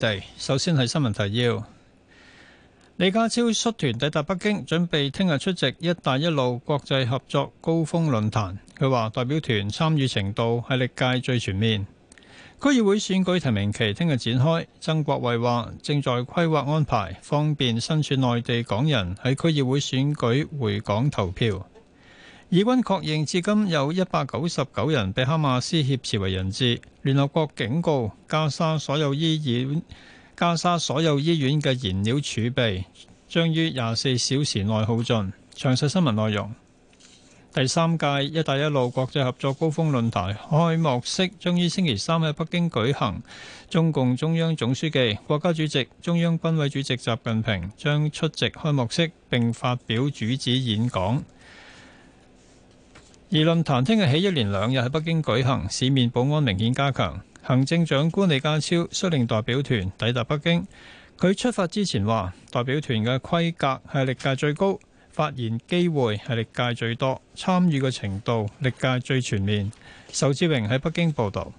第首先係新聞提要，李家超率團抵達北京，準備聽日出席一帶一路國際合作高峰論壇。佢話代表團參與程度係歷屆最全面。區議會選舉提名期聽日展開，曾國衛話正在規劃安排，方便身處內地港人喺區議會選舉回港投票。以軍確認至今有一百九十九人被哈馬斯挾持為人質。聯合國警告加沙所有醫院，加沙所有醫院嘅燃料儲備將於廿四小時內耗盡。詳細新聞內容。第三屆一帶一路國際合作高峰論壇開幕式將於星期三喺北京舉行。中共中央總書記、國家主席、中央軍委主席習近平將出席開幕式並發表主旨演講。而論壇聽日起一連兩日喺北京舉行，市面保安明顯加強。行政長官李家超率領代表團抵達北京。佢出發之前話：代表團嘅規格係歷屆最高，發言機會係歷屆最多，參與嘅程度歷屆最全面。仇志榮喺北京報導。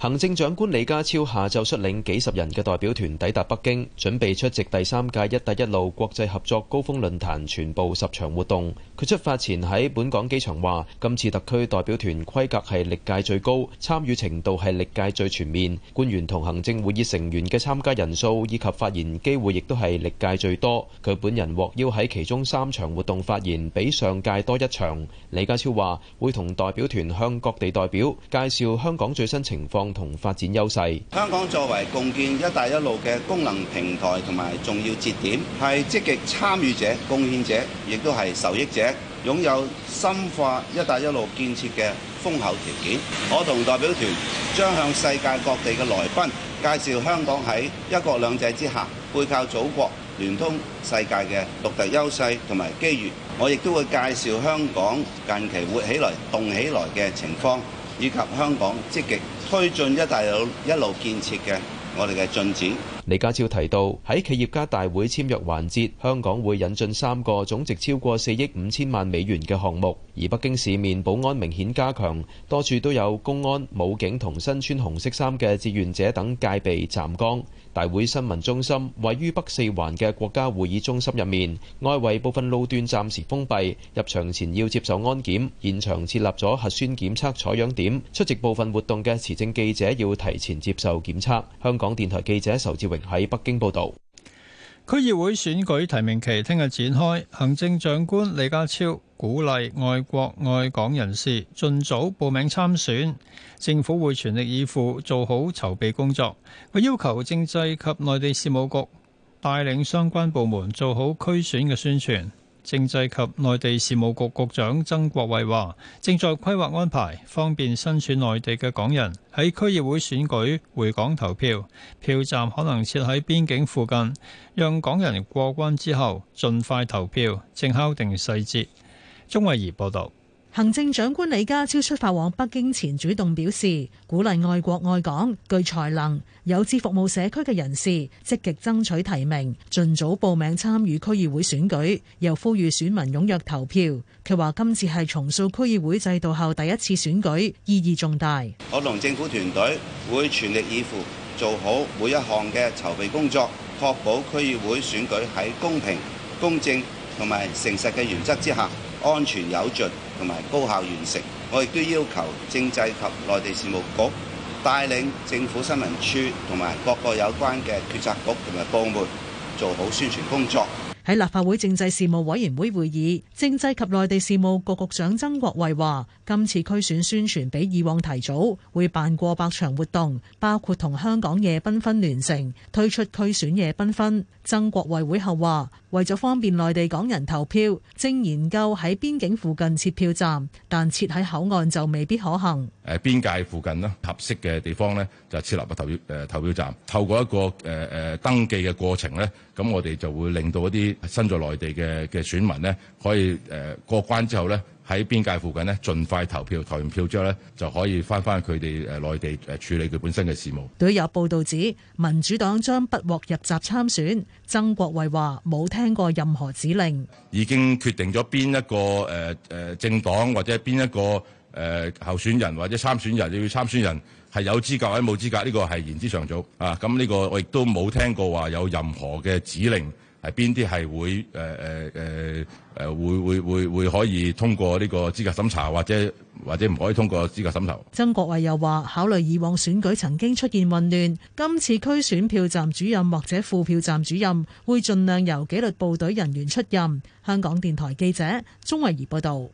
行政長官李家超下晝率領幾十人嘅代表團抵達北京，準備出席第三屆“一帶一路”國際合作高峰論壇全部十場活動。佢出發前喺本港機場話：今次特區代表團規格係歷屆最高，參與程度係歷屆最全面，官員同行政會議成員嘅參加人數以及發言機會亦都係歷屆最多。佢本人獲邀喺其中三場活動發言，比上屆多一場。李家超話：會同代表團向各地代表介紹香港最新情況。共同發展優勢，香港作為共建“一帶一路”嘅功能平台同埋重要節點，係積極參與者、貢獻者，亦都係受益者，擁有深化“一帶一路”建設嘅豐厚條件。我同代表團將向世界各地嘅來賓介紹香港喺一國兩制之下，背靠祖國、聯通世界嘅獨特優勢同埋機遇。我亦都會介紹香港近期活起來、動起來嘅情況。以及香港積極推進一帶一路建設嘅我哋嘅進展。李家超提到，喺企業家大會簽約環節，香港會引進三個總值超過四億五千萬美元嘅項目。而北京市面保安明顯加強，多處都有公安、武警同身穿紅色衫嘅志願者等戒備站崗。大會新聞中心位於北四環嘅國家會議中心入面，外圍部分路段暫時封閉，入場前要接受安檢。現場設立咗核酸檢測採樣點，出席部分活動嘅持證記者要提前接受檢測。香港電台記者仇志榮喺北京報道。區議會選舉提名期聽日展開，行政長官李家超鼓勵愛國愛港人士盡早報名參選，政府會全力以赴做好籌備工作。佢要求政制及內地事務局帶領相關部門做好區選嘅宣傳。政制及內地事務局局長曾國衛話：正在規劃安排，方便身處內地嘅港人喺區議會選舉回港投票，票站可能設喺邊境附近，讓港人過關之後盡快投票，正敲定細節。鍾慧儀報道。行政長官李家超出發往北京前主動表示，鼓勵愛國愛港、具才能、有志服務社區嘅人士積極爭取提名，盡早報名參與區議會選舉，又呼籲選民踴躍投票。佢話：今次係重塑區議會制度後第一次選舉，意義重大。我同政府團隊會全力以赴做好每一項嘅籌備工作，確保區議會選舉喺公平、公正同埋誠實嘅原則之下安全有序，同埋高效完成，我亦都要求政制及內地事務局帶領政府新聞處同埋各個有關嘅決策局同埋部門做好宣傳工作。喺立法會政制事務委員會會議，政制及內地事務局局長曾國衛話：今次區選宣傳比以往提早，會辦過百場活動，包括同香港夜繽紛聯成推出區選夜繽紛。曾國衛會後話：為咗方便內地港人投票，正研究喺邊境附近設票站，但設喺口岸就未必可行。誒邊界附近呢，合適嘅地方咧，就設立個投票誒投票站。透過一個誒誒、呃、登記嘅過程咧，咁我哋就會令到一啲身在內地嘅嘅選民呢，可以誒過關之後咧。喺邊界附近呢，盡快投票，投完票之後咧，就可以翻翻佢哋誒內地誒、呃、處理佢本身嘅事務。對於有報道指民主黨將不獲入閘參選，曾國衛話：冇聽過任何指令，已經決定咗邊一個誒誒、呃呃、政黨或者邊一個誒、呃、候選人或者參選人，要參選人係有資格或者冇資格，呢、這個係言之尚早啊。咁、這、呢個我亦都冇聽過話有任何嘅指令。係邊啲係會誒誒誒誒會會會會可以通過呢個資格審查，或者或者唔可以通過資格審查？曾國衛又話：考慮以往選舉曾經出現混亂，今次區選票站主任或者副票站主任會盡量由紀律部隊人員出任。香港電台記者鍾慧儀報道。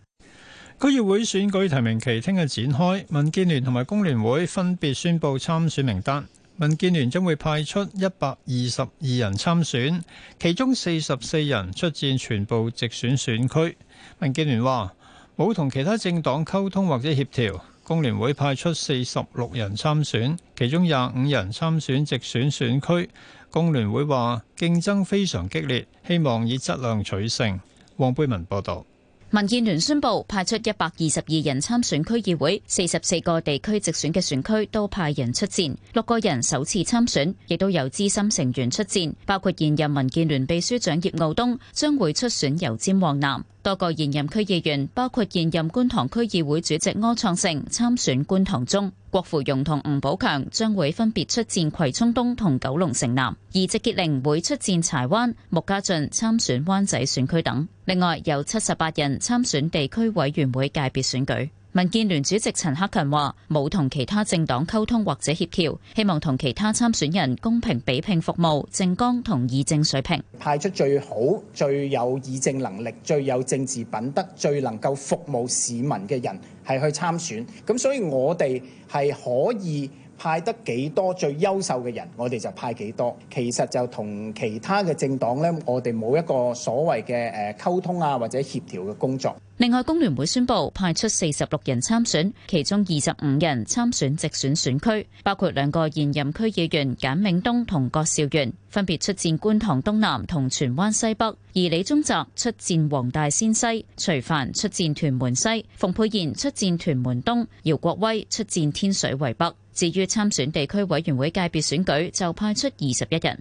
區議會選舉提名期聽日展開，民建聯同埋工聯會分別宣布參選名單。民建聯將會派出一百二十二人參選，其中四十四人出戰全部直選選區。民建聯話冇同其他政黨溝通或者協調。工聯會派出四十六人參選，其中廿五人參選直選選區。工聯會話競爭非常激烈，希望以質量取勝。黃貝文報道。民建聯宣布派出一百二十二人參選區議會，四十四個地區直選嘅選區都派人出戰，六個人首次參選，亦都有資深成員出戰，包括現任民建聯秘書長葉傲冬將會出選油尖旺南，多個現任區議員，包括現任觀塘區議會主席柯創盛參選觀塘中。郭芙蓉同吳寶強將會分別出戰葵涌東同九龍城南，而直潔玲會出戰柴灣，穆家俊參選灣仔選區等。另外有七十八人參選地區委員會界別選舉。民建聯主席陳克勤話：冇同其他政黨溝通或者協調，希望同其他參選人公平比拼服務、政綱同議政水平。派出最好、最有議政能力、最有政治品德、最能夠服務市民嘅人，係去參選。咁所以我哋係可以派得幾多最優秀嘅人，我哋就派幾多。其實就同其他嘅政黨呢，我哋冇一個所謂嘅誒溝通啊或者協調嘅工作。另外，工聯會宣布派出四十六人參選，其中二十五人參選直選選區，包括兩個現任區議員簡永東同郭兆元，分別出戰觀塘東南同荃灣西北；而李宗澤出戰黃大仙西，徐帆出戰屯門西，馮佩賢出戰屯門東，姚國威出戰天水圍北。至於參選地區委員會界別選舉，就派出二十一人。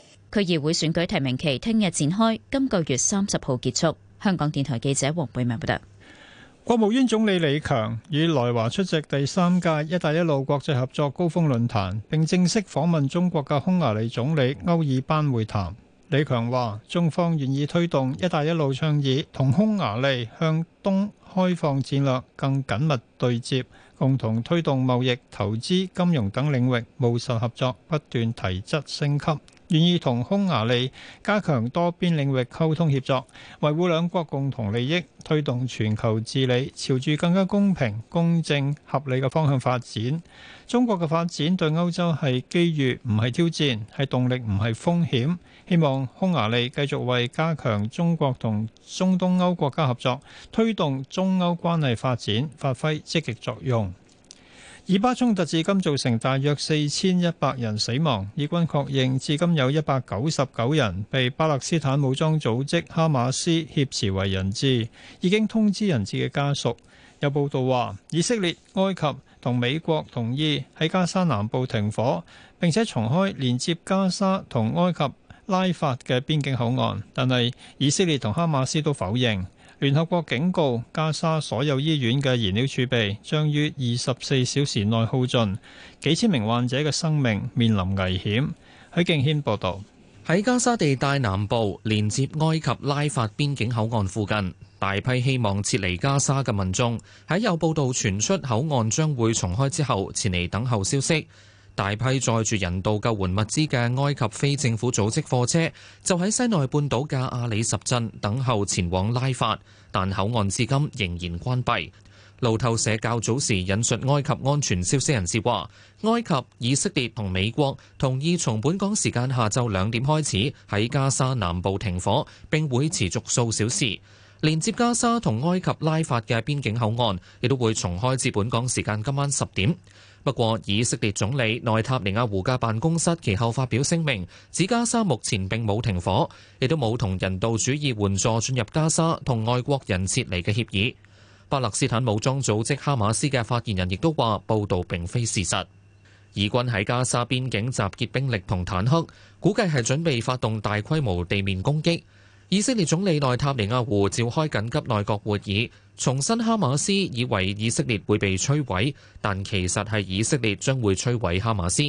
區議會選舉提名期聽日展開，今個月三十號結束。香港電台記者黃貝文報道。國務院總理李強與來華出席第三屆“一帶一路”國際合作高峰論壇，並正式訪問中國嘅匈牙利總理歐爾班會談。李強話：中方願意推動“一帶一路”倡議同匈牙利向東開放戰略更緊密對接，共同推動貿易、投資、金融等領域務實合作，不斷提質升級。願意同匈牙利加強多邊領域溝通協作，維護兩國共同利益，推動全球治理朝住更加公平、公正、合理嘅方向發展。中國嘅發展對歐洲係機遇，唔係挑戰，係動力，唔係風險。希望匈牙利繼續為加強中國同中東歐國家合作，推動中歐關係發展，發揮積極作用。以巴衝突至今造成大約四千一百人死亡，以軍確認至今有一百九十九人被巴勒斯坦武裝組織哈馬斯挾持為人質，已經通知人質嘅家屬。有報道話，以色列、埃及同美國同意喺加沙南部停火，並且重開連接加沙同埃及拉法嘅邊境口岸，但係以色列同哈馬斯都否認。聯合國警告，加沙所有醫院嘅燃料儲備將於二十四小時內耗盡，幾千名患者嘅生命面臨危險。許敬軒報導，喺加沙地帶南部連接埃及拉法邊境口岸附近，大批希望撤離加沙嘅民眾喺有報道傳出口岸將會重開之後，前嚟等候消息。大批載住人道救援物資嘅埃及非政府組織貨車就喺西奈半島嘅阿里什鎮等候前往拉法，但口岸至今仍然關閉。路透社較早時引述埃及安全消息人士話：埃及、以色列同美國同意從本港時間下晝兩點開始喺加沙南部停火，並會持續數小時。連接加沙同埃及拉法嘅邊境口岸亦都會重開至本港時間今晚十點。不過，以色列總理內塔尼亞胡嘅辦公室其後發表聲明，指加沙目前並冇停火，亦都冇同人道主義援助進入加沙同外國人撤離嘅協議。巴勒斯坦武裝組織哈馬斯嘅發言人亦都話，報道並非事實。以軍喺加沙邊境集結兵力同坦克，估計係準備發動大規模地面攻擊。以色列總理內塔尼亞胡召開緊急內閣會議，重申哈馬斯以為以色列會被摧毀，但其實係以色列將會摧毀哈馬斯。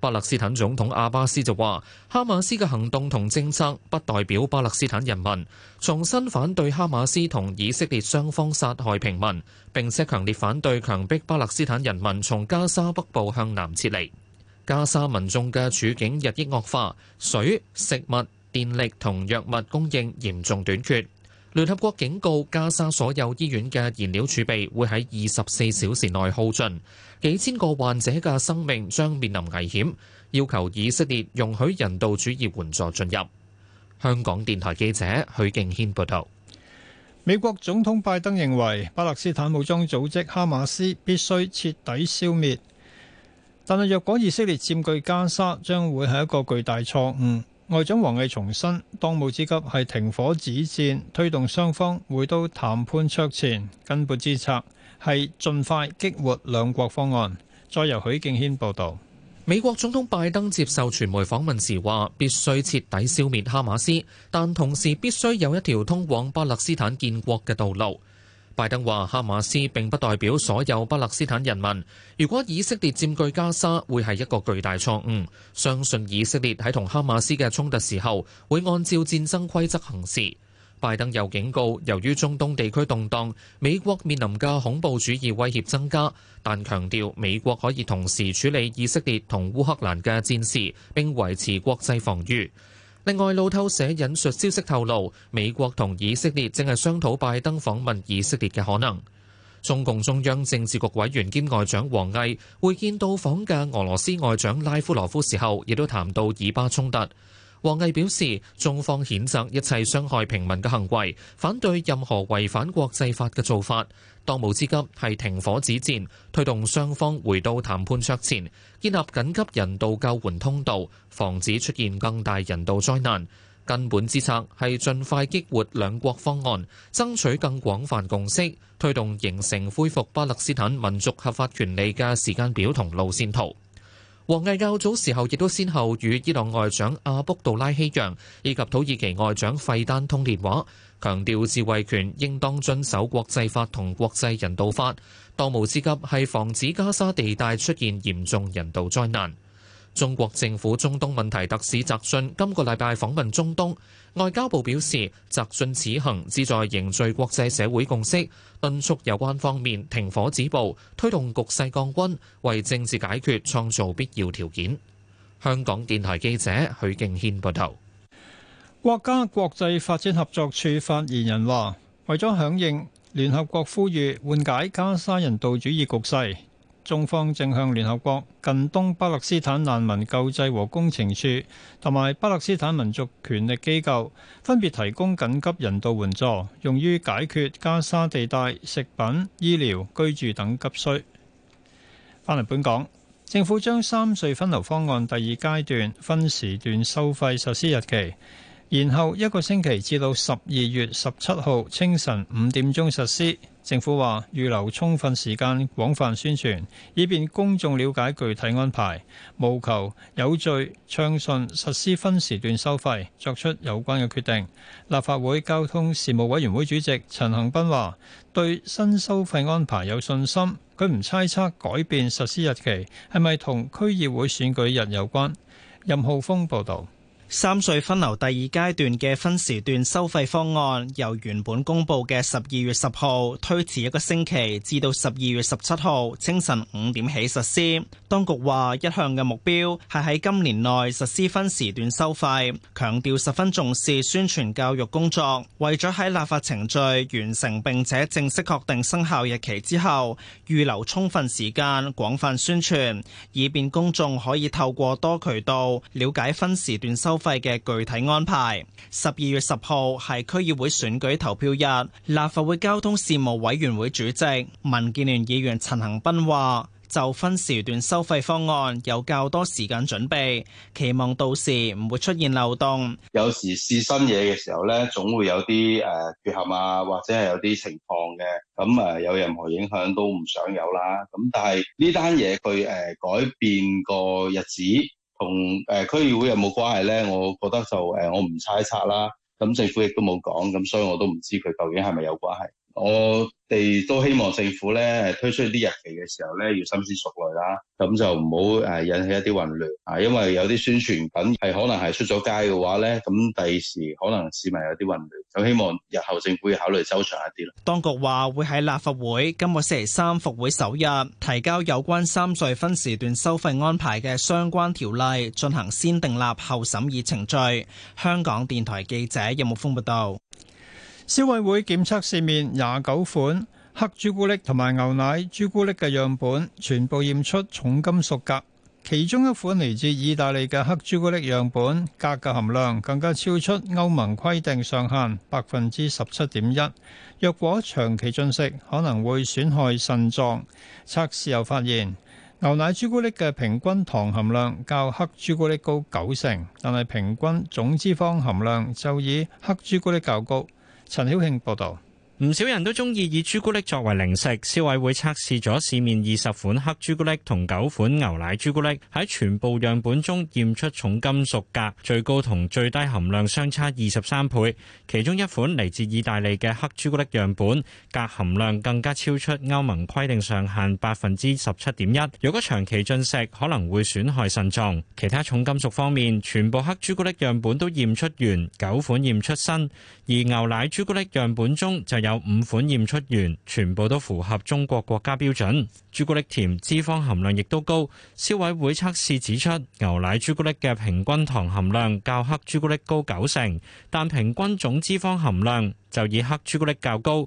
巴勒斯坦總統阿巴斯就話：哈馬斯嘅行動同政策不代表巴勒斯坦人民，重申反對哈馬斯同以色列雙方殺害平民，並且強烈反對強迫巴勒斯坦人民從加沙北部向南撤離。加沙民眾嘅處境日益惡化，水、食物、電力同藥物供應嚴重短缺。聯合國警告加沙所有醫院嘅燃料儲備會喺二十四小時內耗盡，幾千個患者嘅生命將面臨危險，要求以色列容許人道主義援助進入。香港電台記者許敬軒報道。美國總統拜登認為巴勒斯坦武裝組織哈馬斯必須徹底消滅，但係若果以色列佔據加沙，將會係一個巨大錯誤。外長王毅重申，當務之急係停火止戰，推動雙方回到談判桌前；根本之策係盡快激活兩國方案。再由許敬軒報道。美國總統拜登接受傳媒訪問時話，必須徹底消滅哈馬斯，但同時必須有一條通往巴勒斯坦建國嘅道路。拜登話：哈馬斯並不代表所有巴勒斯坦人民。如果以色列佔據加沙，會係一個巨大錯誤。相信以色列喺同哈馬斯嘅衝突時候，會按照戰爭規則行事。拜登又警告，由於中東地區動盪，美國面臨嘅恐怖主義威脅增加，但強調美國可以同時處理以色列同烏克蘭嘅戰事，並維持國際防禦。另外，路透社引述消息透露，美國同以色列正係商討拜登訪問以色列嘅可能。中共中央政治局委員兼外長王毅會見到訪嘅俄羅斯外長拉夫羅夫時候，亦都談到以巴衝突。王毅表示，中方譴責一切傷害平民嘅行為，反對任何違反國際法嘅做法。當務之急係停火止戰，推動雙方回到談判桌前，建立緊急人道救援通道，防止出現更大人道災難。根本之策係盡快激活兩國方案，爭取更廣泛共識，推動形成恢復巴勒斯坦民族合法權利嘅時間表同路線圖。王毅較早時候亦都先後與伊朗外長阿卜杜拉希揚以及土耳其外長費丹通電話，強調自衛權應當遵守國際法同國際人道法，當務之急係防止加沙地帶出現嚴重人道災難。中國政府中東問題特使翟迅今個禮拜訪問中東，外交部表示，翟迅此行旨在凝聚國際社會共識，敦促有關方面停火止暴，推動局勢降溫，為政治解決創造必要條件。香港電台記者許敬軒報道。國家國際發展合作處發言人話：為咗響應聯合國呼籲，緩解加沙人道主義局勢。中方正向聯合國近東巴勒斯坦難民救濟和工程處同埋巴勒斯坦民族權力機構分別提供緊急人道援助，用於解決加沙地帶食品、醫療、居住等急需。翻嚟本港，政府將三隧分流方案第二階段分時段收費實施日期，然後一個星期至到十二月十七號清晨五點鐘實施。政府話預留充分時間，廣泛宣傳，以便公眾了解具體安排，務求有序暢順實施分時段收費，作出有關嘅決定。立法會交通事務委員會主席陳恆斌話：對新收費安排有信心，佢唔猜測改變實施日期係咪同區議會選舉日有關。任浩峰報導。三隧分流第二階段嘅分時段收費方案，由原本公佈嘅十二月十號推遲一個星期，至到十二月十七號清晨五點起實施。當局話一向嘅目標係喺今年內實施分時段收費，強調十分重視宣傳教育工作，為咗喺立法程序完成並且正式確定生效日期之後，預留充分時間廣泛宣傳，以便公眾可以透過多渠道了解分時段收費。費嘅具體安排，十二月十號係區議會選舉投票日。立法會交通事務委員會主席民建聯議員陳恒鑌話，就分時段收費方案有較多時間準備，期望到時唔會出現漏洞。有時試新嘢嘅時候咧，總會有啲誒缺陷啊，或者係有啲情況嘅，咁啊有任何影響都唔想有啦。咁但係呢單嘢佢誒改變個日子。同誒、呃、區議會有冇關係咧？我覺得就誒、呃，我唔猜測啦。咁政府亦都冇講，咁所以我都唔知佢究竟係咪有關係。我哋都希望政府咧推出啲日期嘅時候咧，要深思熟慮啦，咁就唔好誒引起一啲混亂啊，因為有啲宣傳品係可能係出咗街嘅話咧，咁第時可能市民有啲混亂，就希望日後政府要考慮周詳一啲啦。當局話會喺立法會今個星期三復會首日提交有關三隧分時段收費安排嘅相關條例，進行先訂立後審議程序。香港電台記者任木峰報道。消委會檢測市面廿九款黑朱古力同埋牛奶朱古力嘅樣本，全部驗出重金屬鎘。其中一款嚟自意大利嘅黑朱古力樣本，鎘嘅含量更加超出歐盟規定上限百分之十七點一。若果長期進食，可能會損害腎臟。測試又發現，牛奶朱古力嘅平均糖含量較黑朱古力高九成，但係平均總脂肪含量就以黑朱古力較高。陳曉慶報道。唔少人都中意以朱古力作為零食。消委會測試咗市面二十款黑朱古力同九款牛奶朱古力，喺全部樣本中驗出重金屬鎘，最高同最低含量相差二十三倍。其中一款嚟自意大利嘅黑朱古力樣本，鎘含量更加超出歐盟規定上限百分之十七點一。如果長期進食，可能會損害腎臟。其他重金屬方面，全部黑朱古力樣本都驗出鉛，九款驗出砷，而牛奶朱古力樣本中就有五款驗出完，全部都符合中國國家標準，朱古力甜脂肪含量亦都高。消委會測試指出，牛奶朱古力嘅平均糖含量較黑朱古力高九成，但平均總脂肪含量就以黑朱古力較高。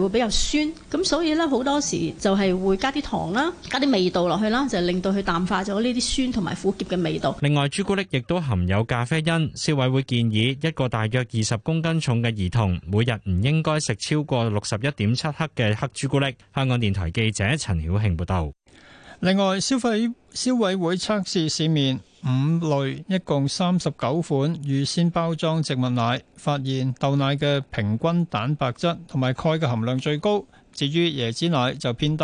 會比較酸，咁所以咧，好多時就係會加啲糖啦，加啲味道落去啦，就令到佢淡化咗呢啲酸同埋苦澀嘅味道。另外，朱古力亦都含有咖啡因，消委會建議一個大約二十公斤重嘅兒童，每日唔應該食超過六十一點七克嘅黑朱古力。香港電台記者陳曉慶報道。另外，消費消委會測試市面。五類一共三十九款預先包裝植物奶，發現豆奶嘅平均蛋白質同埋鈣嘅含量最高，至於椰子奶就偏低。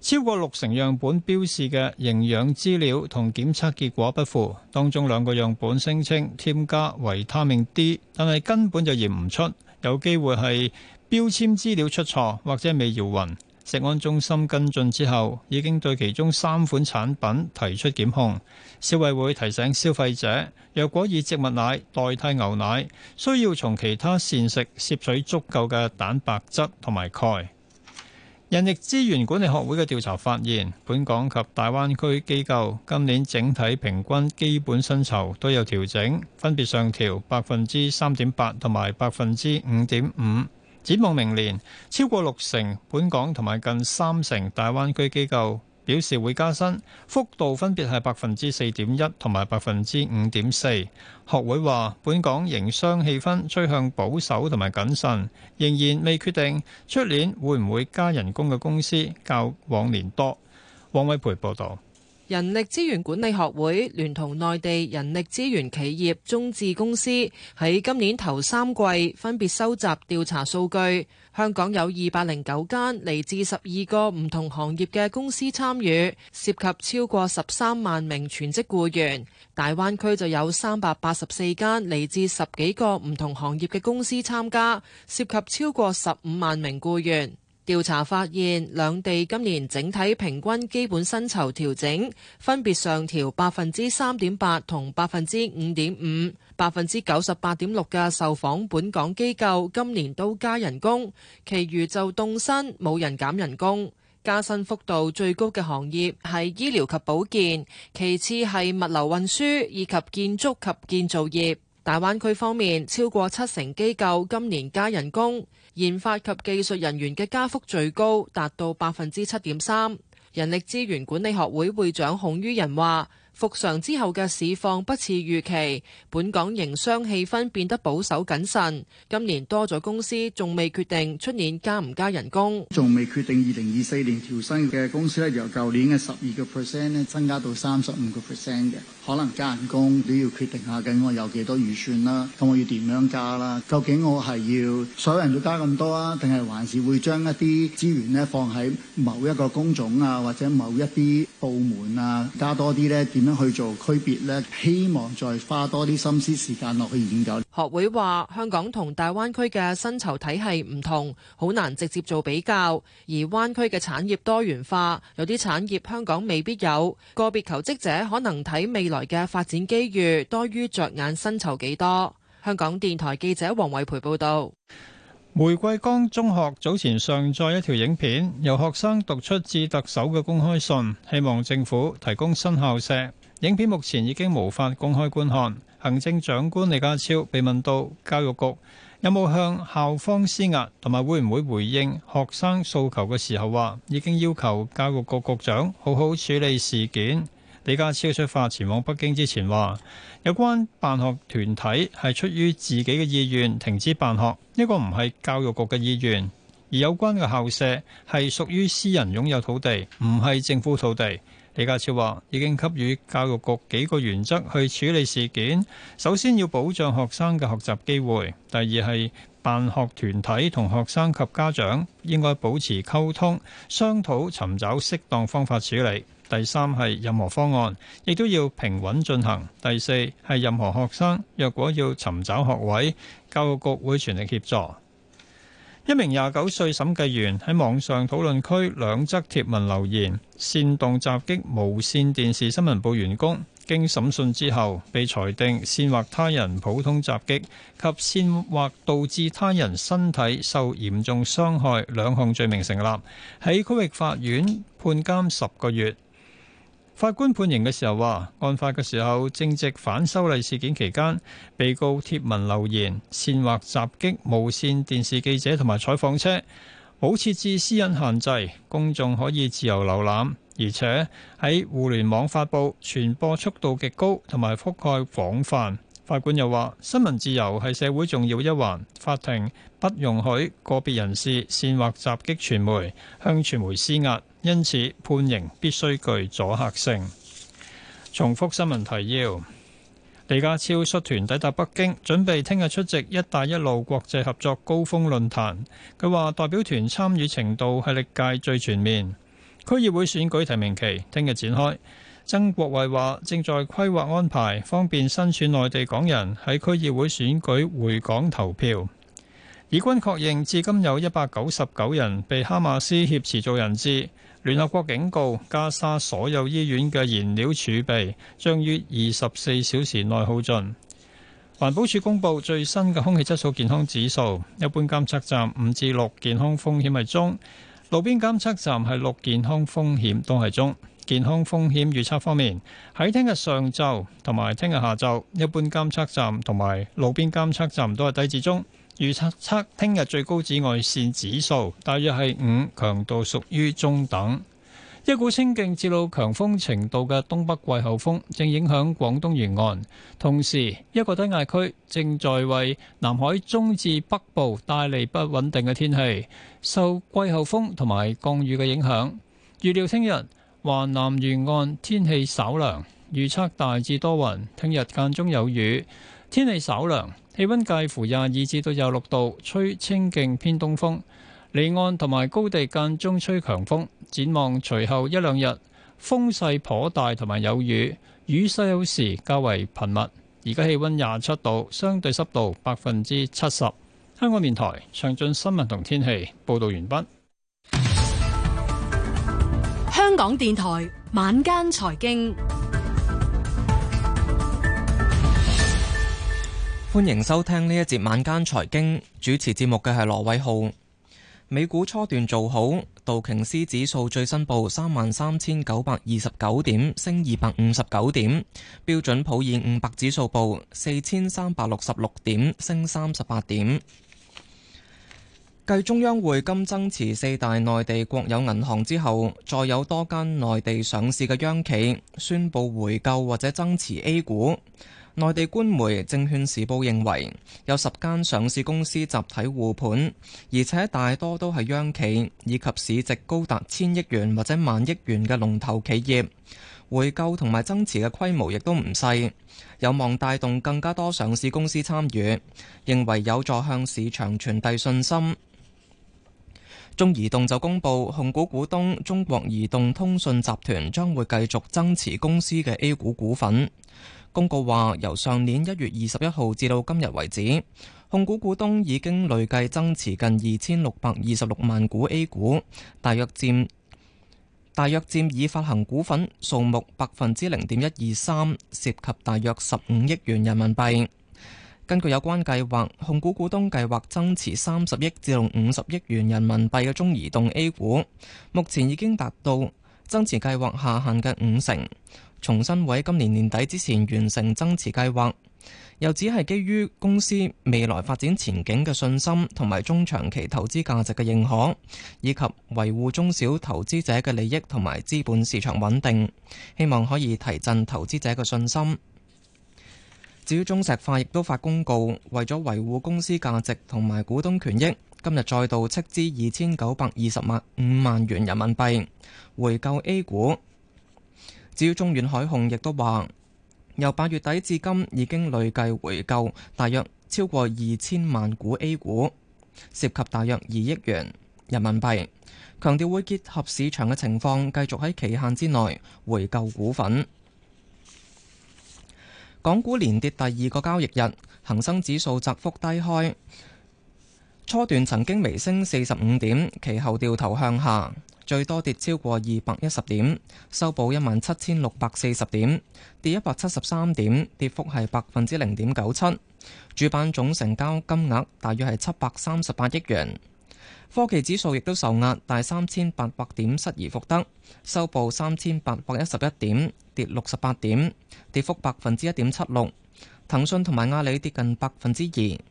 超過六成樣本標示嘅營養資料同檢測結果不符，當中兩個樣本聲稱添加維他命 D，但係根本就驗唔出，有機會係標籤資料出錯，或者未搖匀。食安中心跟進之後，已經對其中三款產品提出檢控。消委會提醒消費者，若果以植物奶代替牛奶，需要從其他膳食攝取足夠嘅蛋白質同埋鈣。人力資源管理學會嘅調查發現，本港及大灣區機構今年整體平均基本薪酬都有調整，分別上調百分之三點八同埋百分之五點五。展望明年，超過六成本港同埋近三成大灣區機構表示會加薪，幅度分別係百分之四點一同埋百分之五點四。學會話本港營商氣氛趨向保守同埋謹慎，仍然未決定出年會唔會加人工嘅公司較往年多。黃偉培報道。人力資源管理學會聯同內地人力資源企業、中置公司喺今年頭三季分別收集調查數據。香港有二百零九間嚟自十二個唔同行業嘅公司參與，涉及超過十三萬名全職僱員。大灣區就有三百八十四間嚟自十幾個唔同行業嘅公司參加，涉及超過十五萬名僱員。調查發現，兩地今年整體平均基本薪酬調整分別上調百分之三點八同百分之五點五，百分之九十八點六嘅受訪本港機構今年都加人工，其餘就凍薪，冇人減人工。加薪幅度最高嘅行業係醫療及保健，其次係物流運輸以及建築及建造業。大灣區方面，超過七成機構今年加人工。研發及技術人員嘅加幅最高達到百分之七點三。人力資源管理學會會長孔于仁話：，復常之後嘅市況不似預期，本港營商氣氛變得保守謹慎。今年多咗公司仲未決定出年加唔加人工，仲未決定二零二四年調薪嘅公司咧，由舊年嘅十二個 percent 咧，增加到三十五個 percent 嘅。可能加人工都要決定下緊，我有幾多預算啦？咁我要點樣加啦？究竟我係要所有人都加咁多啊？定係還是會將一啲資源咧放喺某一個工種啊，或者某一啲部門啊加多啲咧？點樣去做區別咧？希望再花多啲心思時間落去研究。學會話香港同大灣區嘅薪酬體系唔同，好難直接做比較，而灣區嘅產業多元化，有啲產業香港未必有。個別求職者可能睇未來嘅發展機遇多於着眼薪酬幾多？香港電台記者王偉培報道。玫瑰崗中學早前上載一條影片，由學生讀出致特首嘅公開信，希望政府提供新校舍。影片目前已經無法公開觀看。行政長官李家超被問到教育局有冇向校方施壓，同埋會唔會回應學生訴求嘅時候話，話已經要求教育局,局局長好好處理事件。李家超出發前往北京之前話：有關辦學團體係出於自己嘅意願停止辦學，呢個唔係教育局嘅意願。而有關嘅校舍係屬於私人擁有土地，唔係政府土地。李家超話：已經給予教育局幾個原則去處理事件。首先要保障學生嘅學習機會，第二係辦學團體同學生及家長應該保持溝通，商討尋找適當方法處理。第三係任何方案，亦都要平穩進行。第四係任何學生，若果要尋找學位，教育局會全力協助。一名廿九歲審計員喺網上討論區兩則貼文留言，煽動襲擊無線電視新聞部員工。經審訊之後，被裁定煽惑他人普通襲擊及煽惑導致他人身體受嚴重傷害兩項罪名成立，喺區域法院判監十個月。法官判刑嘅時候話，案發嘅時候正值反修例事件期間，被告貼文留言煽惑襲擊無線電視記者同埋採訪車，冇設置私隱限制，公眾可以自由瀏覽，而且喺互聯網發布，傳播速度極高同埋覆蓋廣泛。法官又話新聞自由係社會重要一環，法庭不容許個別人士煽惑襲擊傳媒，向傳媒施壓。因此判刑必須具阻嚇性。重複新聞提要：李家超率團抵達北京，準備聽日出席「一帶一路」國際合作高峰論壇，佢話代表團參與程度係歷屆最全面。區議會選舉提名期聽日展開。曾國衛話正在規劃安排，方便身處內地港人喺區議會選舉回港投票。以軍確認至今有一百九十九人被哈馬斯挾持做人質。聯合國警告，加沙所有醫院嘅燃料儲備將於二十四小時內耗盡。環保署公布最新嘅空氣質素健康指數，一般監測站五至六，健康風險係中，路邊監測站係六，健康風險都係中。健康風險預測方面，喺聽日上晝同埋聽日下晝，一般監測站同埋路邊監測站都係低至中。預測測聽日最高紫外線指數大約係五，強度屬於中等。一股清勁至到強風程度嘅東北季候風正影響廣東沿岸，同時一個低壓區正在為南海中至北部帶嚟不穩定嘅天氣。受季候風同埋降雨嘅影響，預料聽日華南沿岸天氣稍涼，預測大致多雲，聽日間中有雨。天氣稍涼，氣溫介乎廿二至到廿六度，吹清勁偏東風，離岸同埋高地間中吹強風。展望隨後一兩日，風勢頗大同埋有雨，雨勢有時較為頻密。而家氣溫廿七度，相對濕度百分之七十。香港電台詳盡新聞同天氣報道完畢。香港電台晚間財經。歡迎收聽呢一節晚間財經主持節目嘅係羅偉浩。美股初段做好，道瓊斯指數最新報三萬三千九百二十九點，升二百五十九點。標準普爾五百指數報四千三百六十六點，升三十八點。繼中央匯金增持四大內地國有銀行之後，再有多間內地上市嘅央企宣布回購或者增持 A 股。內地官媒《證券時報》認為，有十間上市公司集體護盤，而且大多都係央企以及市值高達千億元或者萬億元嘅龍頭企業，回購同埋增持嘅規模亦都唔細，有望帶動更加多上市公司參與，認為有助向市場傳遞信心。中移動就公布，控股股東中國移動通信集團將會繼續增持公司嘅 A 股股份。公告話，由上年一月二十一號至到今日為止，控股股東已經累計增持近二千六百二十六萬股 A 股，大約佔大約佔已發行股份數目百分之零點一二三，涉及大約十五億元人民幣。根據有關計劃，控股股東計劃增持三十億至到五十億元人民幣嘅中移動 A 股，目前已經達到增持計劃下限嘅五成。重新委今年年底之前完成增持計劃，又只係基於公司未來發展前景嘅信心，同埋中長期投資價值嘅認可，以及維護中小投資者嘅利益同埋資本市場穩定，希望可以提振投資者嘅信心。至於中石化亦都發公告，為咗維護公司價值同埋股東權益，今日再度斥資二千九百二十萬五萬元人民幣回購 A 股。至於中遠海控亦都話，由八月底至今已經累計回購大約超過二千萬股 A 股，涉及大約二億元人民幣。強調會結合市場嘅情況，繼續喺期限之內回購股份。港股連跌第二個交易日，恒生指數窄幅低開。初段曾經微升四十五點，其後掉頭向下，最多跌超過二百一十點，收報一萬七千六百四十點，跌一百七十三點，跌幅係百分之零點九七。主板總成交金額大約係七百三十八億元。科技指數亦都受壓，大三千八百點失而復得，收報三千八百一十一點，跌六十八點，跌幅百分之一點七六。騰訊同埋阿里跌近百分之二。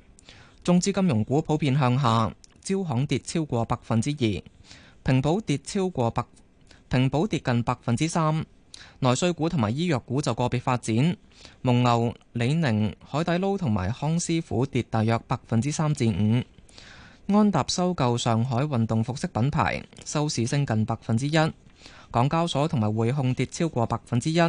中資金融股普遍向下，招行跌超過百分之二，平保跌超過百，平保跌近百分之三。內需股同埋醫藥股就個別發展，蒙牛、李寧、海底撈同埋康師傅跌大約百分之三至五。安踏收購上海運動服飾品牌，收市升近百分之一。港交所同埋匯控跌超過百分之一。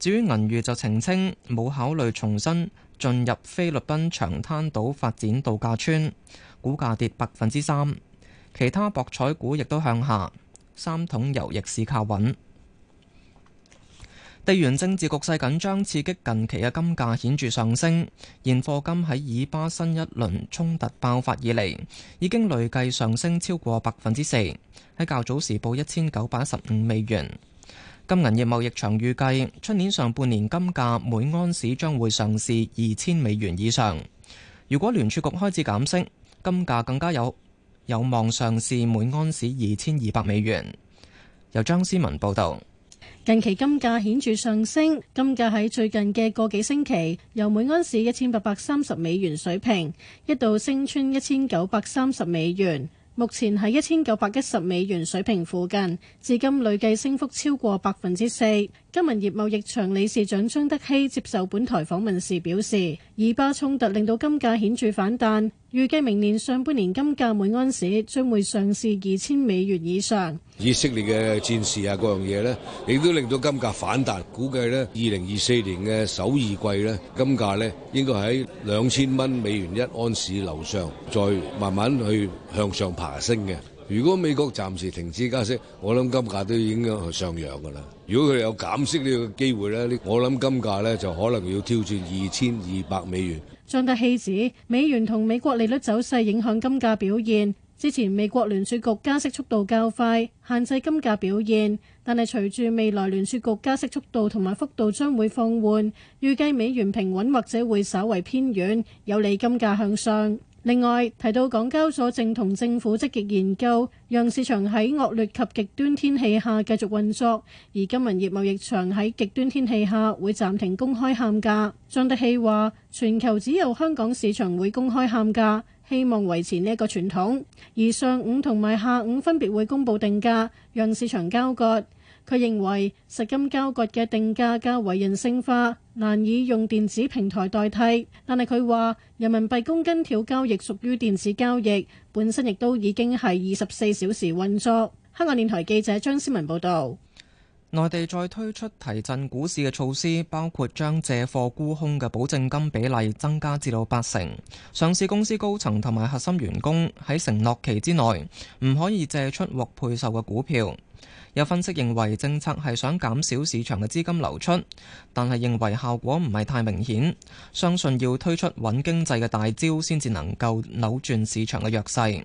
至於銀娛就澄清冇考慮重申。進入菲律賓長灘島發展度假村，股價跌百分之三。其他博彩股亦都向下，三桶油逆市靠穩。地緣政治局勢緊張刺激近期嘅金價顯著上升，現貨金喺以巴新一輪衝突爆發以嚟已經累計上升超過百分之四，喺較早時報一千九百一十五美元。金銀業貿易場預計，出年上半年金價每安士將會上市二千美元以上。如果聯儲局開始減息，金價更加有有望上市每安士二千二百美元。由張思文報導。近期金價顯著上升，金價喺最近嘅個幾星期，由每安士一千八百三十美元水平，一度升穿一千九百三十美元。目前喺一千九百一十美元水平附近，至今累計升幅超過百分之四。今日，金銀業貿易場理事長張德熙接受本台訪問時表示，以巴衝突令到金價顯著反彈，預計明年上半年金價每安士將會上市二千美元以上。以色列嘅戰事啊，各樣嘢呢，亦都令到金價反彈。估計呢，二零二四年嘅首二季呢，金價呢應該喺兩千蚊美元一安士樓上，再慢慢去向上爬升嘅。如果美國暫時停止加息，我諗金價都已經係上揚㗎啦。如果佢有減息呢個機會，呢我諗金價呢就可能要挑戰二千二百美元。張德熙指美元同美國利率走勢影響金價表現。之前美國聯儲局加息速度較快，限制金價表現，但係隨住未來聯儲局加息速度同埋幅度將會放緩，預計美元平穩或者會稍微偏軟，有利金價向上。另外提到，港交所正同政府積極研究，讓市場喺惡劣及極端天氣下繼續運作，而金銀業貿易場喺極端天氣下會暫停公開喊價。張德熙話，全球只有香港市場會公開喊價，希望維持呢一個傳統。而上午同埋下午分別會公布定價，讓市場交割。佢認為實金交割嘅定價較為人性化，難以用電子平台代替。但係佢話，人民幣公斤條交易屬於電子交易，本身亦都已經係二十四小時運作。香港電台記者張思文報導，內地再推出提振股市嘅措施，包括將借貨沽空嘅保證金比例增加至到八成，上市公司高層同埋核心員工喺承諾期之內唔可以借出或配售嘅股票。有分析認為政策係想減少市場嘅資金流出，但係認為效果唔係太明顯，相信要推出穩經濟嘅大招先至能夠扭轉市場嘅弱勢。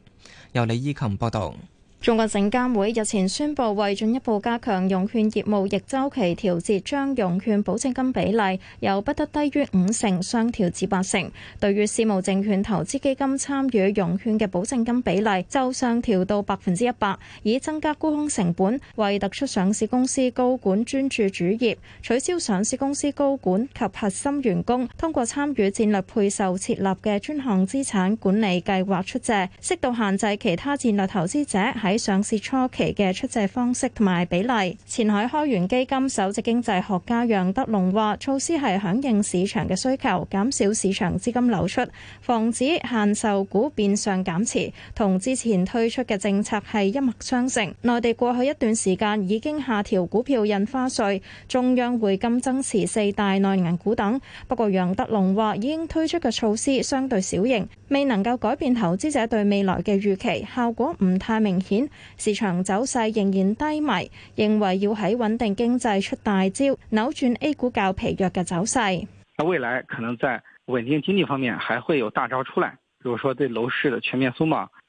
由李依琴報道。中國證監會日前宣布，為進一步加強融券業務逆週期調節，將融券保證金比例由不得低於五成上調至八成；對於私募證券投資基金參與融券嘅保證金比例，就上調到百分之一百，以增加沽空成本。為突出上市公司高管專注主業，取消上市公司高管及核心員工通過參與戰略配售設立嘅專項資產管理計劃出借，適度限制其他戰略投資者喺上市初期嘅出借方式同埋比例，前海開源基金首席經濟學家楊德龍話措施係響應市場嘅需求，減少市場資金流出，防止限售股變相減持，同之前推出嘅政策係一脈相承。內地過去一段時間已經下調股票印花稅，中央匯金增持四大內銀股等。不過楊德龍話已經推出嘅措施相對小型，未能夠改變投資者對未來嘅預期，效果唔太明顯。市場走勢仍然低迷，認為要喺穩定經濟出大招，扭轉 A 股較疲弱嘅走勢。未來可能在穩定經濟方面還會有大招出來，比如說對樓市的全面鬆綁。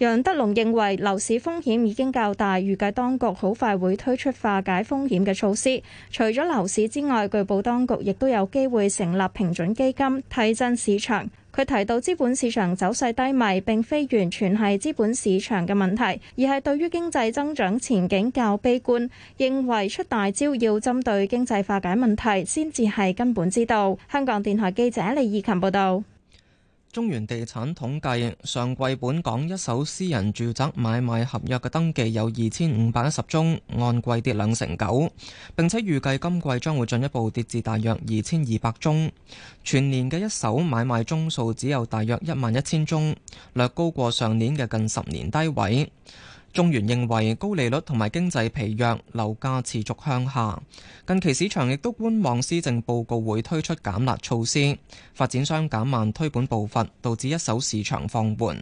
楊德龍認為樓市風險已經較大，預計當局好快會推出化解風險嘅措施。除咗樓市之外，據報當局亦都有機會成立平準基金，提振市場。佢提到資本市場走勢低迷，並非完全係資本市場嘅問題，而係對於經濟增長前景較悲觀。認為出大招要針對經濟化解問題，先至係根本之道。香港電台記者李義琴報道。中原地產統計，上季本港一手私人住宅買賣合約嘅登記有二千五百一十宗，按季跌兩成九，並且預計今季將會進一步跌至大約二千二百宗。全年嘅一手買賣宗數只有大約一萬一千宗，略高過上年嘅近十年低位。中原認為高利率同埋經濟疲弱，樓價持續向下。近期市場亦都觀望施政報告會推出減壓措施，發展商減慢推盤步伐，導致一手市場放緩。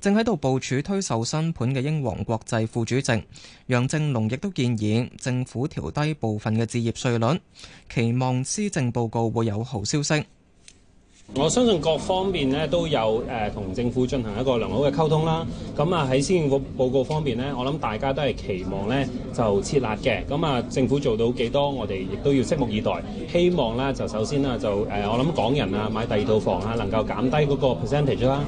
正喺度部署推售新盤嘅英皇國際副主席楊政龍亦都建議政府調低部分嘅置業稅率，期望施政報告會有好消息。我相信各方面咧都有誒同政府進行一個良好嘅溝通啦。咁啊喺施政報告方面咧，我諗大家都係期望咧就設立嘅。咁啊，政府做到幾多，我哋亦都要拭目以待。希望咧就首先啊就誒我諗港人啊買第二套房啊能夠減低嗰個 percentage 啦。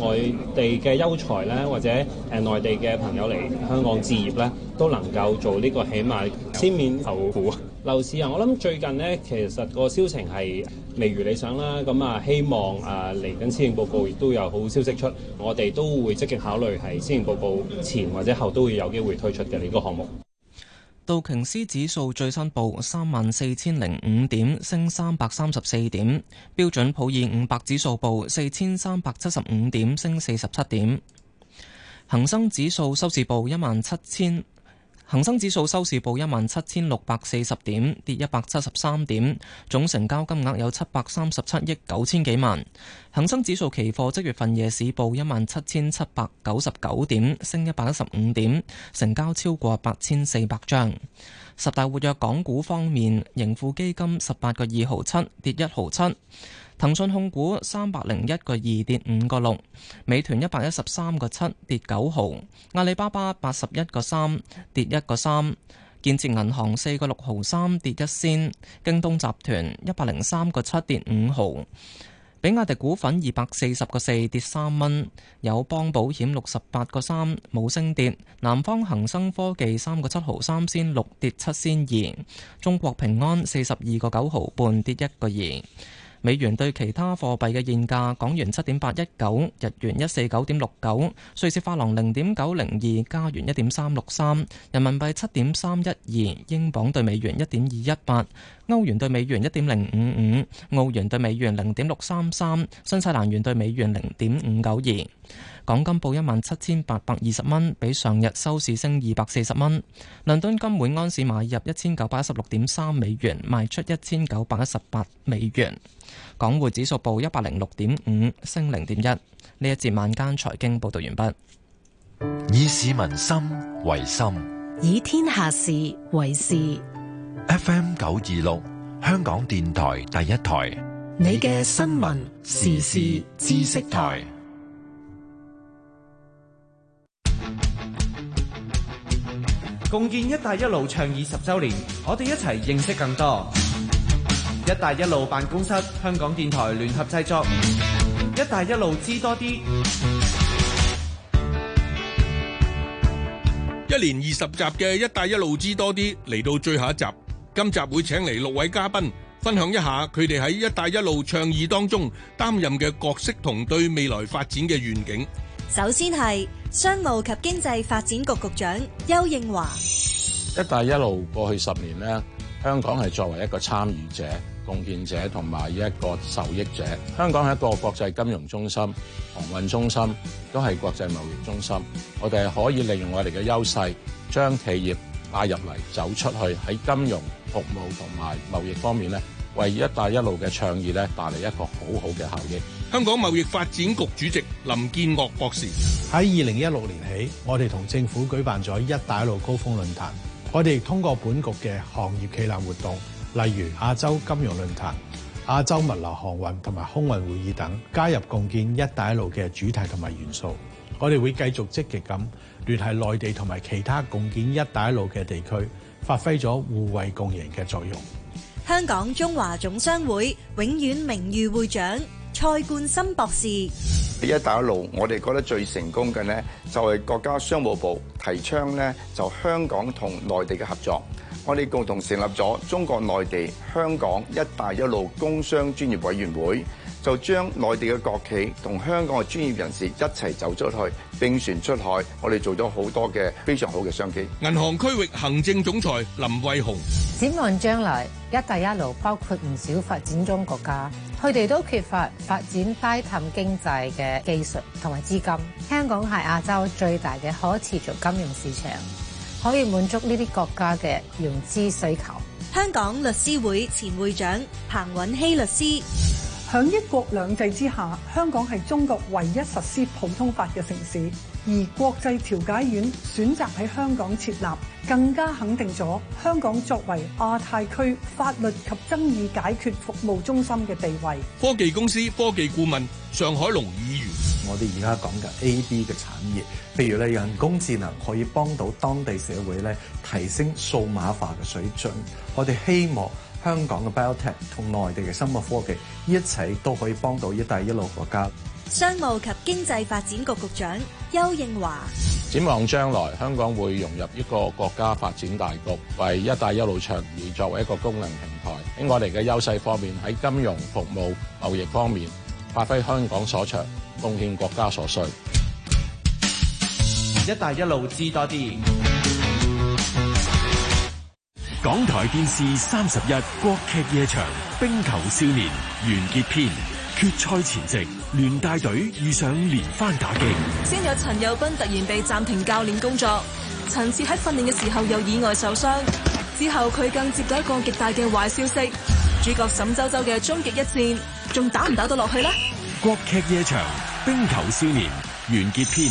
外地嘅優才咧或者誒內地嘅朋友嚟香港置業咧，都能夠做呢、這個起碼先免後補。樓市啊，我諗最近呢，其實個銷情係未如理想啦。咁、嗯、啊，希望啊嚟緊《施政報告》亦都有好消息出，我哋都會積極考慮係《施政報告》前或者後都會有機會推出嘅呢、這個項目。道瓊斯指數最新報三萬四千零五點，升三百三十四點。標準普爾五百指數報四千三百七十五點，升四十七點。恒生指數收市報一萬七千。恒生指數收市報一萬七千六百四十點，跌一百七十三點，總成交金額有七百三十七億九千幾萬。恒生指數期貨即月份夜市報一萬七千七百九十九點，升一百一十五點，成交超過八千四百張。十大活躍港股方面，盈富基金十八個二毫七，跌一毫七。騰訊控股三百零一個二跌五個六，美團一百一十三個七跌九毫，阿里巴巴八十一個三跌一個三，建設銀行四個六毫三跌一仙，京東集團一百零三個七跌五毫，比亞迪股份二百四十個四跌三蚊，友邦保險六十八個三冇升跌，南方恒生科技三個七毫三仙六跌七仙二，中國平安四十二個九毫半跌一個二。美元對其他貨幣嘅現價：港元七點八一九，日元一四九點六九，瑞士法郎零點九零二，加元一點三六三，人民幣七點三一二，英鎊對美元一點二一八，歐元對美元一點零五五，澳元對美元零點六三三，新西蘭元對美元零點五九二。港金報一萬七千八百二十蚊，比上日收市升二百四十蚊。倫敦金每安士買入一千九百一十六點三美元，賣出一千九百一十八美元。港匯指數報一百零六點五，升零點一。呢一節晚間財經報道完畢。以市民心為心，以天下事為事。FM 九二六，香港電台第一台，你嘅新聞時事知識台。共建“一帶一路”倡議十周年，我哋一齊認識更多“一帶一路”辦公室，香港電台聯合製作《“一帶一路”知多啲》，一連二十集嘅《“一帶一路”知多啲》嚟到最後一集，今集會請嚟六位嘉賓，分享一下佢哋喺“一帶一路”倡議當中擔任嘅角色同對未來發展嘅願景。首先係商務及經濟發展局局長邱應華。一帶一路過去十年咧，香港係作為一個參與者、貢獻者同埋一個受益者。香港係一個國際金融中心、航運中心，都係國際貿易中心。我哋可以利用我哋嘅優勢，將企業帶入嚟、走出去，喺金融服務同埋貿易方面咧，為一帶一路嘅倡議咧，帶嚟一個好好嘅效益。香港貿易發展局主席林建岳博士，喺二零一六年起，我哋同政府舉辦咗一帶一路高峰論壇。我哋通過本局嘅行業旗艦活動，例如亞洲金融論壇、亞洲物流航運同埋空運會議等，加入共建一帶一路嘅主題同埋元素。我哋會繼續積極咁聯繫內地同埋其他共建一帶一路嘅地區，發揮咗互惠共贏嘅作用。香港中華總商會永遠名譽會長。蔡冠深博士，一帶一路，我哋覺得最成功嘅呢，就係國家商務部提倡呢，就香港同內地嘅合作，我哋共同成立咗中國內地香港一帶一路工商專業委員會。就將內地嘅國企同香港嘅專業人士一齊走出去，並船出海。我哋做咗好多嘅非常好嘅商機。銀行區域行政總裁林慧紅展望將來，一帶一路包括唔少發展中國家，佢哋都缺乏發展低碳經濟嘅技術同埋資金。香港係亞洲最大嘅可持續金融市場，可以滿足呢啲國家嘅融資需求。香港律師會前會長彭允熙律師。響一國兩制之下，香港係中國唯一實施普通法嘅城市，而國際調解院選擇喺香港設立，更加肯定咗香港作為亞太區法律及爭議解決服務中心嘅地位。科技公司科技顧問尚海龍議員，我哋而家講緊 A B 嘅產業，譬如咧人工智能可以幫到當地社會咧提升數碼化嘅水準，我哋希望。香港嘅 biotech 同內地嘅生物科技，一齊都可以幫到一帶一路國家。商務及經濟發展局局長邱應華展望將來，香港會融入一個國家發展大局，為一帶一路長而作為一個功能平台，喺我哋嘅優勢方面，喺金融服務、貿易方面，發揮香港所長，貢獻國家所需。一帶一路知多啲。港台電視三十一國劇夜場《冰球少年》完結篇，決賽前夕，聯大隊遇上連番打擊。先有陳友彬突然被暫停教練工作，陳志喺訓練嘅時候又意外受傷，之後佢更接到一個極大嘅壞消息。主角沈周周嘅終極一戰，仲打唔打得落去呢？國劇夜場《冰球少年》完結篇。